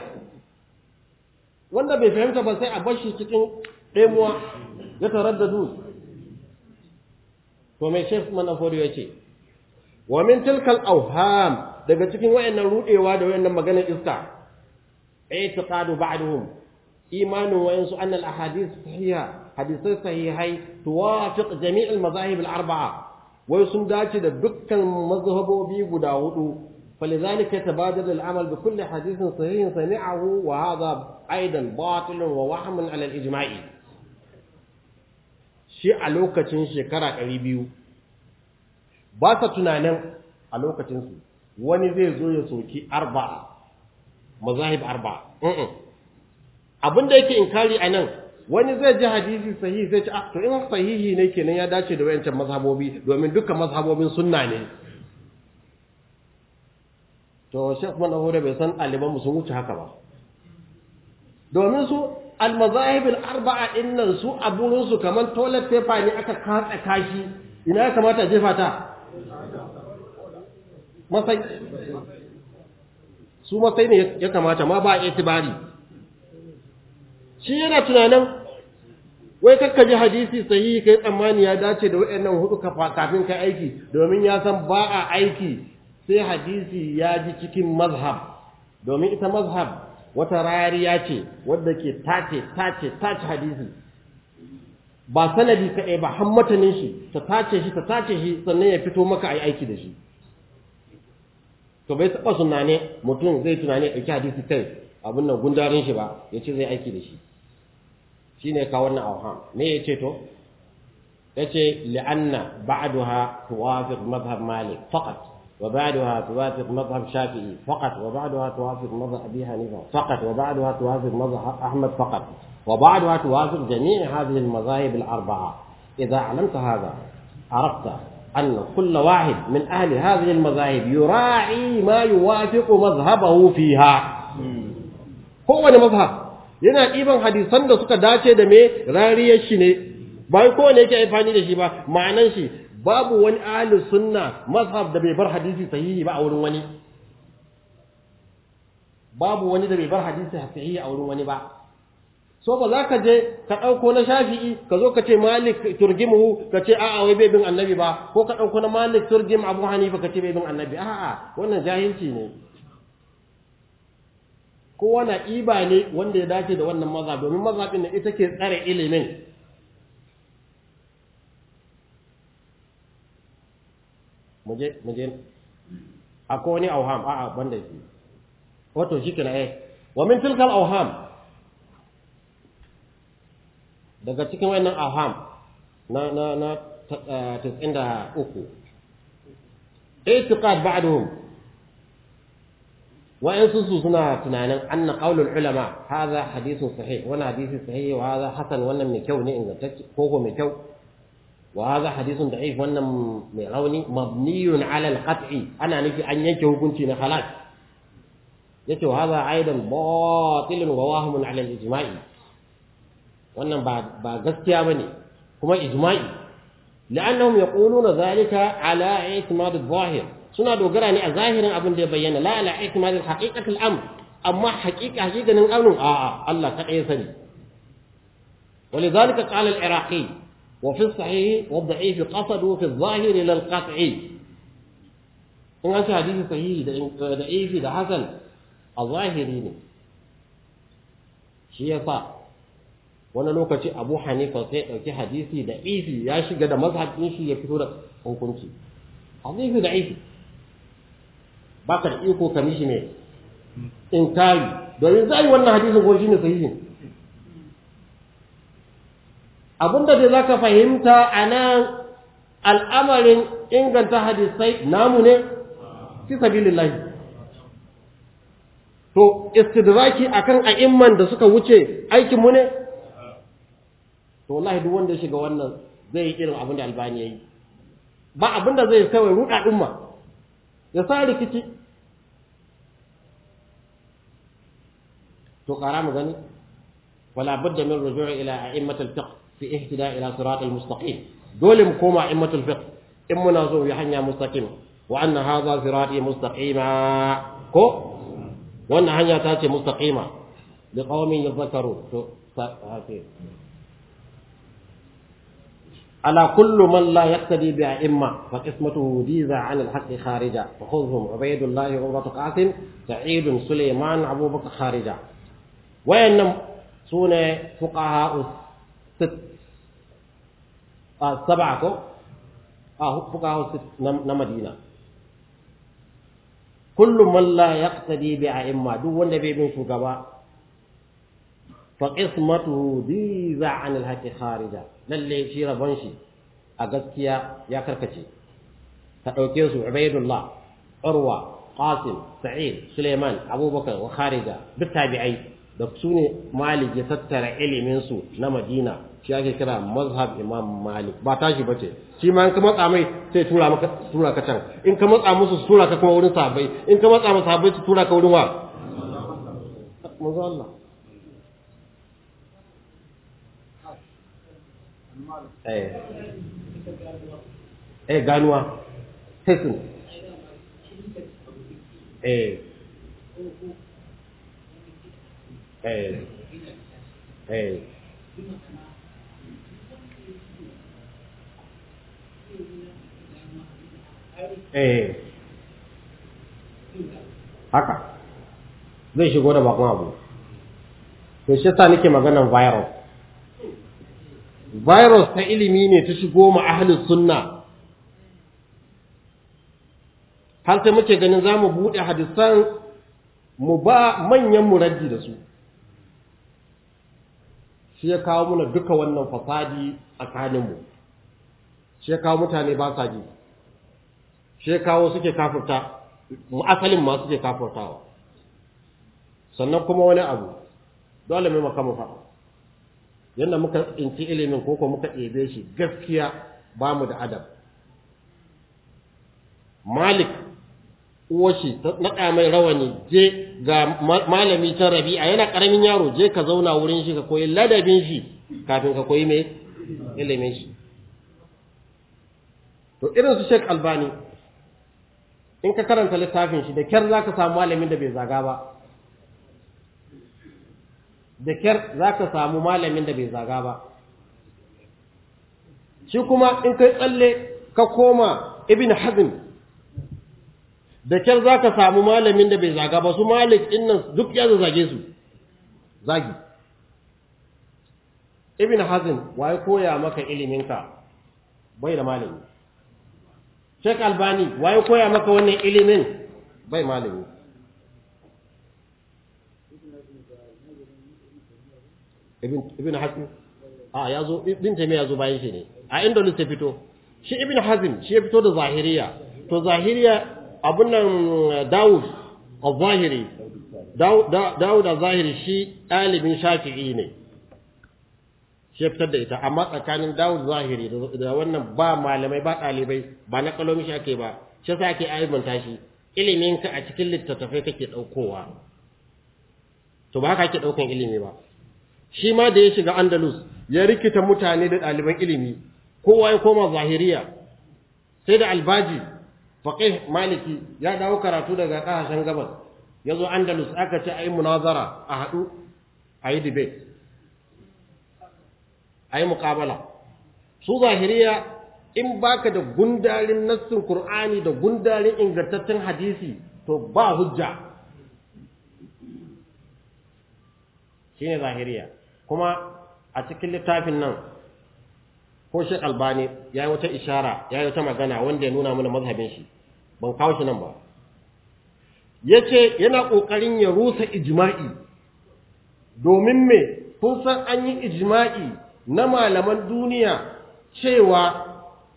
wanda bai fahimta ba sai a bar shi cikin ɗemuwa ya taraddadu to mai Sheikh mana ya ce wa min tilkal awham daga cikin wayannan rudewa da wayannan maganar iska i'tiqadu ba'dhum imanu wa yansu anna al ahadith sahiha hadisai sahihai tuwafiq jami' al mazahib al arba'a wai sun dace da mazhabobi guda فلذلك يتبادر العمل بكل حديث صحيح سمعه وهذا أيضا باطل ووهم على الإجماع شيء ألوكة شكرا قريبيو باسة wani zai zo ya arba'a mazahib arba abinda yake inkari a nan wani zai ji hadisi sahihi sai ce a ah, to in sahihi ne kenan ya dace da wayancan mazhabobi domin dukkan mazhabobin sunna ne to shek abu da bai san ɗaliban sun wuce haka ba domin su almazahib al-arba'a innan su a burin su kaman toilet paper ne aka katsa kashi ina ya kamata jefa ta masai su ma sai ne ya kamata ma ba a itibari shi yana tunanin wai kakka ji hadisi sahihi kai tsammani ya dace da waɗannan hudu kafin kai aiki domin ya san ba a aiki sai hadisi ya ji cikin mazhab domin ita mazhab wata rariya ce wadda ke tace tace tace hadisi ba sanadi kaɗai ba har matanin shi ta tace shi ta tace shi sannan ya fito maka a yi aiki da shi to bai taba sunna ne mutum zai tuna ne ɗauki hadisi kai abin nan gundarin shi ba ya ce zai aiki da shi shine ka wannan auham me yace to yace ce li'anna ba'daha tuwafiq madhhab malik faqat wa ba'daha tuwafiq madhhab shafi'i faqat wa ba'daha tuwafiq madhhab abi hanifa faqat wa ba'daha tuwafiq madhhab ahmad faqat wa ba'daha tuwafiq jami' hadhihi al madhahib al-arba'a idha 'alamta hadha arafta أن كل واحد من أهل هذه المذاهب يراعي ما يوافق مذهبه فيها هو مذهب yana ɗiban hadisan da suka dace da me rariyar shi ne bayan kowane yake amfani da shi ba ma'anan shi babu wani ahli sunna mazhab da bai bar hadisi sahihi ba a wurin wani babu wani da bai bar hadisi sahihi a wurin wani ba so ba za ka je ka ɗauko na shafi'i ka zo ka ce malik turgimuhu ka ce a'a wai bai bin annabi ba ko ka ɗauko na malik turgim abu hanifa ka ce bai bin annabi a'a wannan jahilci ne kowa na iba ne wanda ya dace da wannan maza domin mazaɓin da ita ke tsare ilimin muje muje akwai wani auham a'a banda shi wato shi kina eh wa min tilkal auham daga cikin wannan aham na na na 93 eh, i'tiqad ba'dhum wa in su suna tunanin anna qaulul ulama hadha hadithun sahih wannan hadisi sahih wa hadha hasan wannan mai kyau ne ingantacce koko mai kyau wa hadha hadithun da'if wannan mai rauni mabniyun 'ala al-qat'i ana nufi an yanke hukunci na khalas yace wa hadha aidan batilun wa wahmun 'ala al-ijma'i wannan ba gaskiya ba ne kuma ijma'i la'annahum yaquluna zalika ala i'timad adh-dhahir suna dogara ne a zahirin abin da ya bayyana la ala i'timad al-haqiqat al-amr amma haqiqa haqiqanin amrin a'a Allah ta ɗaya sani ولذلك قال العراقي وفي الصحيح والضعيف قصدوا في الظاهر الى القطع in an ce hadisi sahihi da da'ifi da hasan a zahiri ne shi ya sa wani lokaci abu hanifa sai ɗauki hadisi da isi ya shiga da mazhabin shi ya fito da hukunci hadisi da isi ba ka da iko ka mishi ne in kari domin za a yi wannan hadisin ko shi ne sahihin abinda da za ka fahimta a nan al'amarin inganta hadisai namu ne fi sabilillahi to istidraki akan a'imman da suka wuce aikinmu ne to wallahi duk wanda ya shiga wannan zai yi irin abin da albani ya yi ba abin da zai kawai ruɗa umma ya sa rikici to ƙara mu gani wala budda min ruju'i ila a'immatul fiqh fi ihtida ila siratal mustaqim dole mu koma a'immatul fiqh in muna so ya hanya mustaqim wa anna hadha sirati mustaqima ko wannan hanya ta ce mustaqima liqaumin yadhakkarun to fa ala kullu man la yattabi bi a'imma fa qismatuhu diza 'ala al-haqq kharija fa khudhum ubaydullah wa ubatu qasim sa'id sulaiman abu bakr kharija wa yanam sunna fuqaha us a sab'a na madina kullu man la yaqtadi bi a'imma duk wanda bai bin shugaba fa qismatuhu diza kharija lalle shi rabon shi a gaskiya ya karkace ka ɗauke su ubaidullah urwa qasim sa'id suleiman abubakar wa da duk da su ne malik ya tattara ilimin su na madina shi ake kira mazhab imam malik ba tashi shi ma in ka matsa mai sai tura ka can in ka matsa musu su tura ka kuma wurin in ka matsa musu su tura ka wurin wa Eh. eh ganuwa teku eh eh eh eh haka zai shigo da bakon abu to shi sa nake maganan virus virus ta ilimi ne ta shigo ma ahlus sunna har sai muke ganin za mu buɗe hadisan mu ba manyan muraddi da su shi ya kawo muna duka wannan fasadi a kaninmu shi ya kawo mutane ba sa ji shi ya kawo suke kafurta asalin ma suke kafurtawa sannan kuma wani abu dole mai makamu faɗa yadda muka tsinci ilimin ko ko muka ɗebe shi gaskiya ba mu da adam malik uwashi ta naɗa mai rawani je ga malami ta rabi'a yana ƙaramin yaro je ka zauna wurin shi ka koyi ladabin shi kafin ka koyi mai ilimin shi to irin su shek albani in ka karanta littafin shi da kyar za ka samu malamin da bai zaga ba da kyar za ka samu malamin da bai zaga ba shi kuma in kai tsalle ka koma ibn hazm da kyar za ka samu malamin da bai zaga ba su malik innan duk ya zage su zagi ibn hazm waye koya maka iliminka bai da malami shek Albani waye koya maka wannan ilimin bai malami ibn hazm a ya zo ibn taymiya ya zo bayan shi ne a indolus ta fito shi ibn hazm shi ya fito da zahiriya to zahiriya abun nan daud al-zahiri daud al-zahiri shi ɗalibin shafi'i ne shi ya fitar da ita amma tsakanin daud zahiri da wannan ba malamai ba ɗalibai ba na kalomi shi ake ba shi yasa ake aibanta shi ilimin ka a cikin littattafai kake daukowa to ba haka ake ɗaukan ilimi ba shi ma da ya shiga Andalus ya rikita mutane da ɗaliban ilimi kowa ya koma zahiriya sai da albaji faqih maliki ya dawo karatu daga kasashen gabas ya zo Andalus aka ce yi munazara a hadu ayi debate yi muƙabala su zahiriya in baka da gundarin nassin Kur'ani da gundarin ingantaccen hadisi to ba hujja Shi ne zahiriya kuma a cikin littafin nan ko shi albani ya yi wata ishara ya yi wata magana wanda ya nuna mana mazhabin shi ban kawo shi nan ba ya ce yana ƙoƙarin ya rusa ijima'i domin me kun san an yi ijima'i na malaman duniya cewa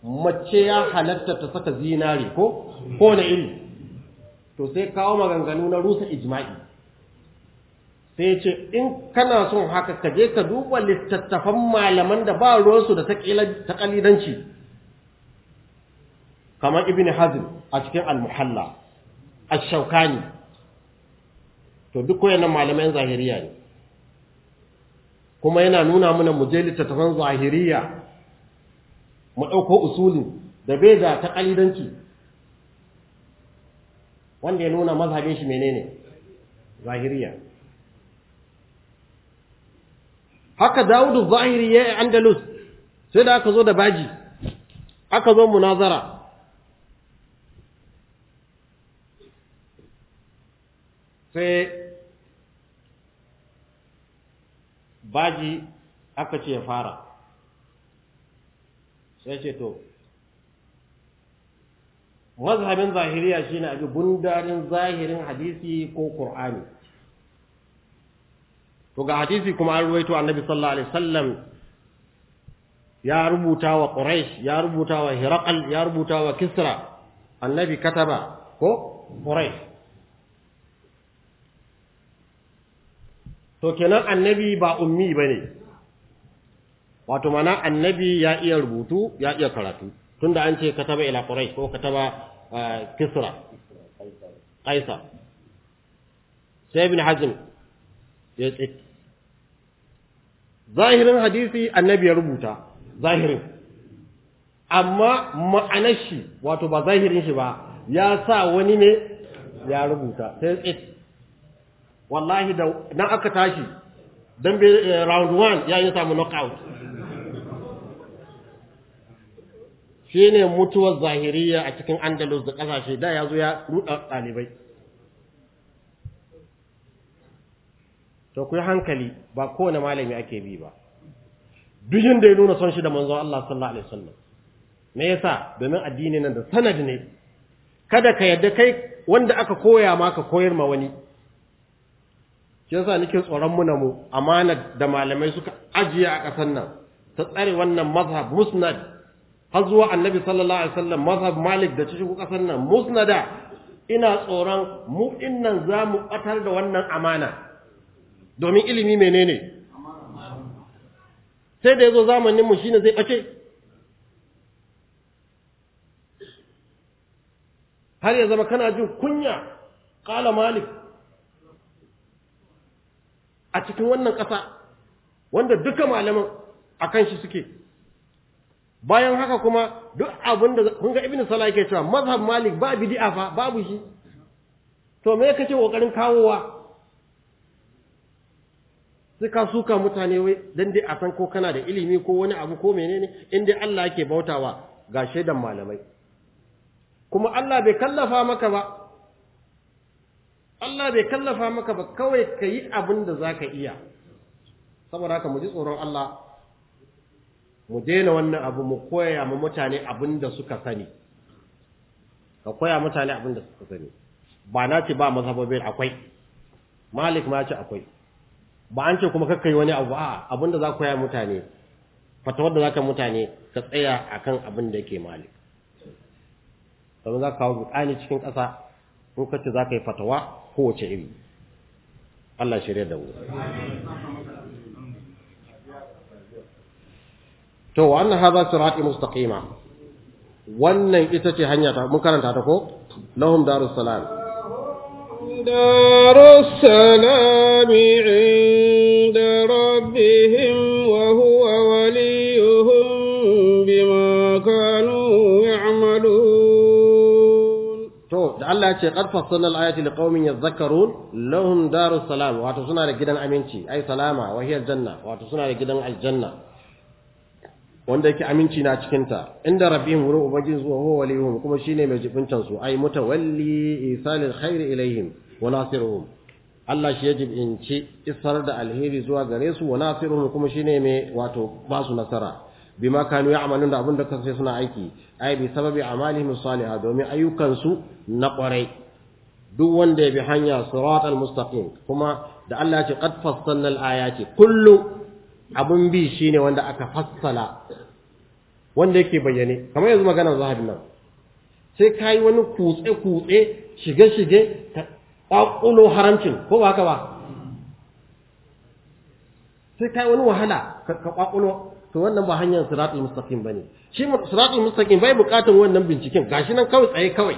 mace ya halatta ta saka zinari ko ko na iri to sai kawo maganganu na rusa ijima'i sai ce in kana son haka ka je ka duba littattafan malaman da ba ruwansu da ta kalidanci kamar ibn hazm a cikin al-muhalla ash-shawkani to duk wayannan malaman zahiriya ne kuma yana nuna mana mu je littattafan zahiriya mu ɗauko usulin da bai da ta ƙalidanci wanda ya nuna mazhabin shi menene zahiriya haka Dawudu Zahiri ya yi Andalus sai da aka zo da baji aka zo munazara sai baji aka ce ya fara sai ce to mazhabin zahiriya shine abi gundarin zahirin hadisi ko qur'ani to ga hadisi kuma an ruwaito annabi sallallahu alaihi wasallam ya rubuta wa quraish ya rubuta wa hiraqal ya rubuta wa kisra annabi kataba ko quraish to kenan annabi ba ummi bane wato mana annabi ya iya rubutu ya iya karatu tunda an ce kataba ila quraish ko kataba eh, kisra qaisar sai ibn hazm ya zahirin hadisi annabi ya rubuta zahirin amma ma'anar shi wato ba zahirin shi ba ya sa wani ne ya rubuta sai it wallahi da na aka tashi don eh, round wan ya yi samu knockout shi ne mutuwar zahiriya a cikin andalus da ƙasashe da ya zo ya ruɗa ɗalibai to ku yi hankali ba kowane malami ake bi ba duk da ya nuna son shi da manzo Allah sallallahu alaihi wasallam me yasa domin addini nan da sanad ne kada ka yadda kai wanda aka koya maka koyar ma wani shi yasa nake tsoron mu na mu amana da malamai suka ajiye a kasan nan ta tsare wannan mazhab musnad har zuwa annabi sallallahu alaihi wasallam mazhab malik da cikin kasan nan musnada ina tsoron mu dinnan zamu batar da wannan amana domin ilimi menene sai da yazo zamanin mu shine zai bace har ya zama kana jin kunya kala malik a cikin wannan ƙasa wanda duka malaman akan shi suke bayan haka kuma duk abin da kun ga ibnu salah yake cewa mazhab malik ba bid'a fa babu shi to me kake kokarin kawowa sai ka suka mutane wai dan dai a san ko kana da ilimi ko wani abu ko menene in dai Allah yake bautawa ga shaidan malamai kuma Allah bai kallafa maka ba Allah bai kallafa maka ba kawai ka yi abin da za ka iya saboda haka mu ji tsoron Allah mu daina wannan abu mu koya ma mutane abin da suka sani ka koya mutane abin da suka sani ba na ce ba mazhabobin akwai malik ma ce akwai ba an ce kuma kakkai wani abu a abin da za ku yaya mutane fatawar da za ka mutane ka tsaya a kan abin da yake malik domin za ka kawo buƙani cikin ƙasa ko ka ce za ka yi fatawa kowace iri Allah shirya da wuri to wa haza sirati mustaqima wannan ita ce hanya ta mun karanta ta ko lahum darus salam دار السلام عند ربهم وهو وليهم بما كانوا يعملون تو da Allah ya ce qad fassala al-ayati liqaumin yadhakkarun lahum darus salam wato suna da gidan aminci ai salama janna wato suna da gidan wanda yake aminci na cikinta inda rabbihim wurin ubangiji zuwa huwa walihum kuma shine mai jibincan su ay mutawalli isalil khair ilaihim wa nasiruhum Allah shi ya ci isar da alheri zuwa gare su wa nasiruhum kuma shine me wato ba su nasara bima kanu ya'malun da abinda da kansu suna aiki ai bi sababi amalihim salihah domin ayyukan su na kwarai duk wanda ya bi hanya siratal mustaqim kuma da Allah ce qad fassalna alayati ce kullu abun bi shine wanda aka fassala wanda yake bayyane kamar yanzu magana zahabin nan sai kai wani kutse kutse shige shige ƙwaƙulo haramcin ko ba haka ba sai kai wani wahala ka ƙwaƙulo to wannan ba hanyar siratul mustaqim bane shi siratul mustaqim bai bukatun wannan binciken gashi nan kawai tsaye kawai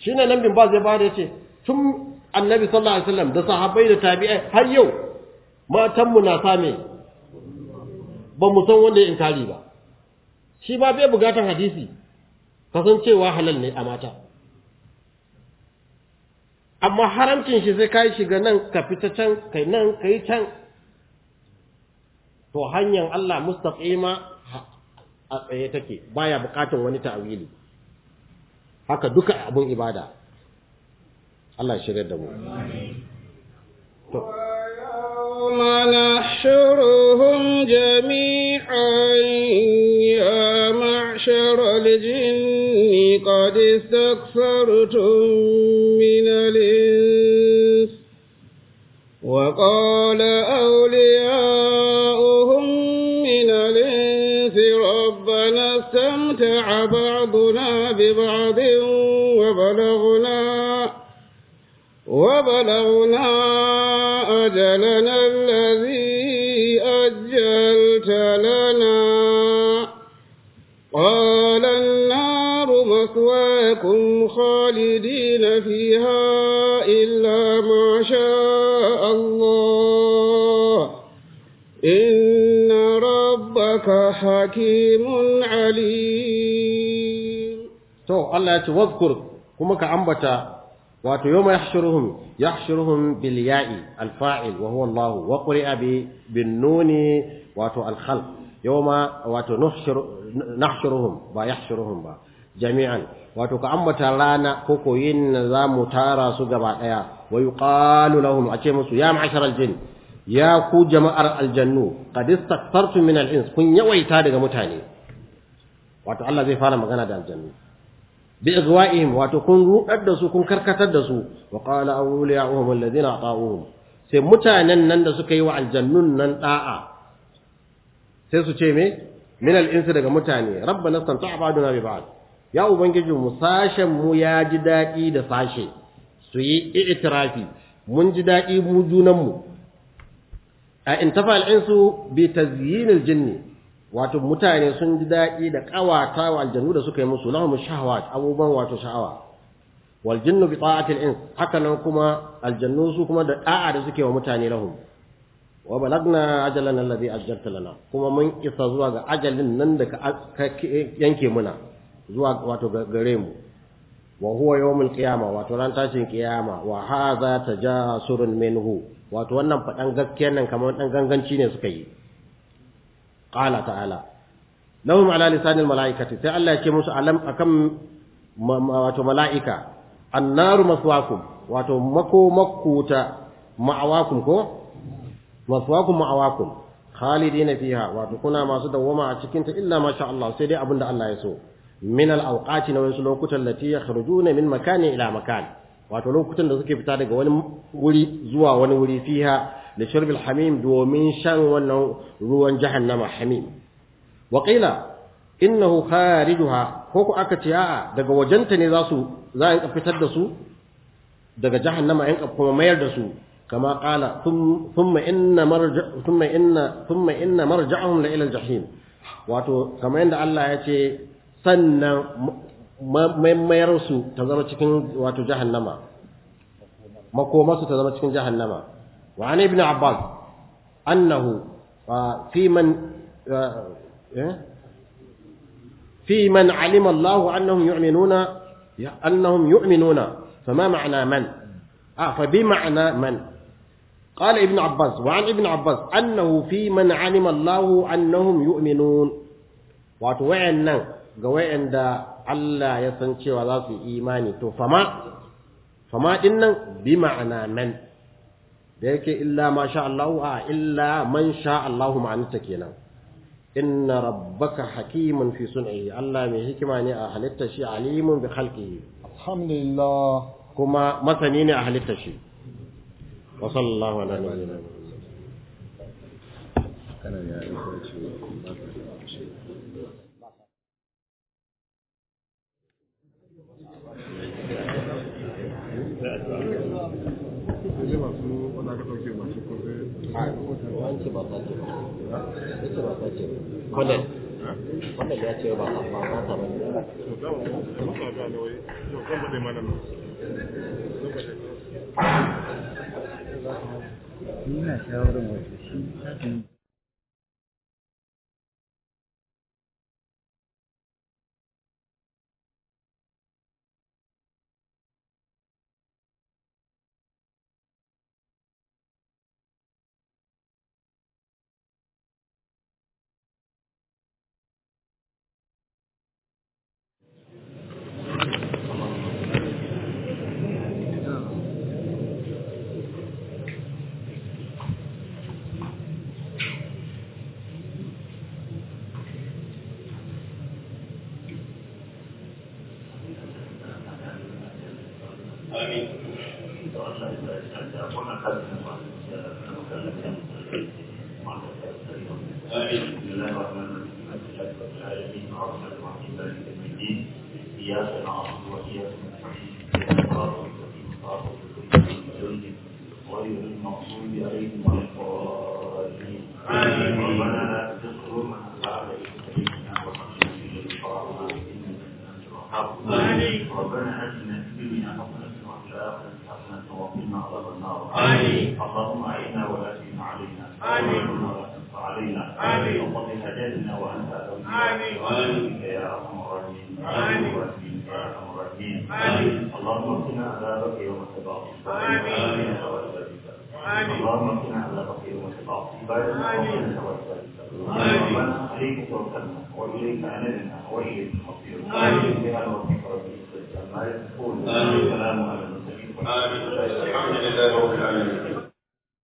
Shi ne nan bin ba zai ba da yace tun annabi sallallahu alaihi wasallam da sahabbai da tabi'ai har yau matan mu na same ba mu san wanda ya inkari ba shi ba bai bukatun hadisi kasancewa halal ne a mata amma haramcin shi sai ka shiga nan ka fita can kai nan ka yi can to hanyar Allah mustaqima a tsaye take baya bukatun wani ta'awili haka duka abun ibada Allah shirya da mu to ma معشر الجن قد استكثرتم من الإنس وقال أولياؤهم من الإنس ربنا استمتع بعضنا ببعض وبلغنا وبلغنا أجلنا الذي أجلت لنا قال النار مثواكم خالدين فيها إلا ما شاء الله إن ربك حكيم عليم تو الله تذكر كما كأنبتا واتو يوم يحشرهم يحشرهم بالياء الفاعل وهو الله وقرئ بالنون واتو الخلق يوم واتو نحشر nahshuruhum ba yahshuruhum ba jami'an wato ka ambata rana ko koyin na zamu tara su gaba daya wa yuqalu lahum a ce musu ya ma'ashar aljin ya ku jama'ar aljannu qad istakfartum min al-ins kun yawaita daga mutane wato Allah zai fara magana da aljannu bi igwa'ihim wato kun rudar da su kun karkatar da su wa qala awliya'uhum alladhina ata'uhum sai mutanen nan da suka yi wa aljannun nan da'a sai su ce me min al daga mutane rabbana samta'a ba'duna bi ba'd ya ubangiji mu sashen mu ya ji daɗi da sashe su yi i'tirafi mun ji daɗi mu junanmu. a intafa insu bi ta al-jinni wato mutane sun ji daɗi da ƙawata wa aljannu da suka yi musu lahum shahawat abubuwan wato sha'awa wal jinnu bi ta'atil ins haka nan kuma aljannu su kuma da ɗa'a da suke wa mutane lahum wa balagna ajalan alladhi ajjalta lana kuma mun isa zuwa ga ajalin nan da ka yanke muna zuwa wato gare mu wa huwa yawmul qiyama wato ran tashin qiyama wa hadha tajasurun minhu wato wannan fadan gaskiyar nan kamar dan ganganci ne suka yi qala ta'ala lahum ala lisanil malaikati sai Allah ya ce musu alam akan wato malaika annaru maswakum wato mako makuta ma'awakum ko maswakum ma'awakum khalidina fiha wato kuna masu dawwama a cikin ta illa masha Allah sai dai abinda Allah ya so min al-awqati na wasu lokutan lati yakhrujuna min makani ila makan wato lokutan da suke fita daga wani wuri zuwa wani wuri fiha da shurbil hamim domin shan wannan ruwan jahannama hamim wa qila innahu kharijuha ko ku aka ce a'a daga wajenta ne za su za a fitar da su daga jahannama yan kuma mayar da su كما قال ثم إن مرجع ثم إن ثم إن مرجعهم لإلى الجحيم wato kamar yadda Allah ya ce sannan maimayar su ta zama cikin wato jahannama makomarsu ta zama cikin jahannama wa an ibn abbas annahu fi man fi man alima Allah annahum yu'minuna annahum yu'minuna fama ma'ana man ah fa bi ma'ana man قال ابن عباس وعن ابن عباس أنه في من علم الله أنهم يؤمنون وتوعن ga wa'anda Allah ya san cewa za su imani to fama fama din bi ma'ana man da yake illa ma sha Allah a illa man sha Allah ma'anarta kenan inna rabbaka hakimun fi sun'ihi Allah mai hikima ne a halitta shi alimun bi kuma masani ne a halitta shi wa sallallahu ala nabiyina kana ya ina shawarar wato shi اللهم أعنا ولا تعين علينا اللهم لا تنفع علينا اللهم هداتنا وأنت أدرنا يا أرحم الراحمين يا أرحم الراحمين اللهم اقنا عذابك يوم التبعث آمين اللهم اقنا عذابك يوم التبعث آمين آمين آمين. آمين. آمين. آمين. آمين. آمين. آمين بها الوصف ربي السلام عليكم آمين. آمين. الحمد لله رب العالمين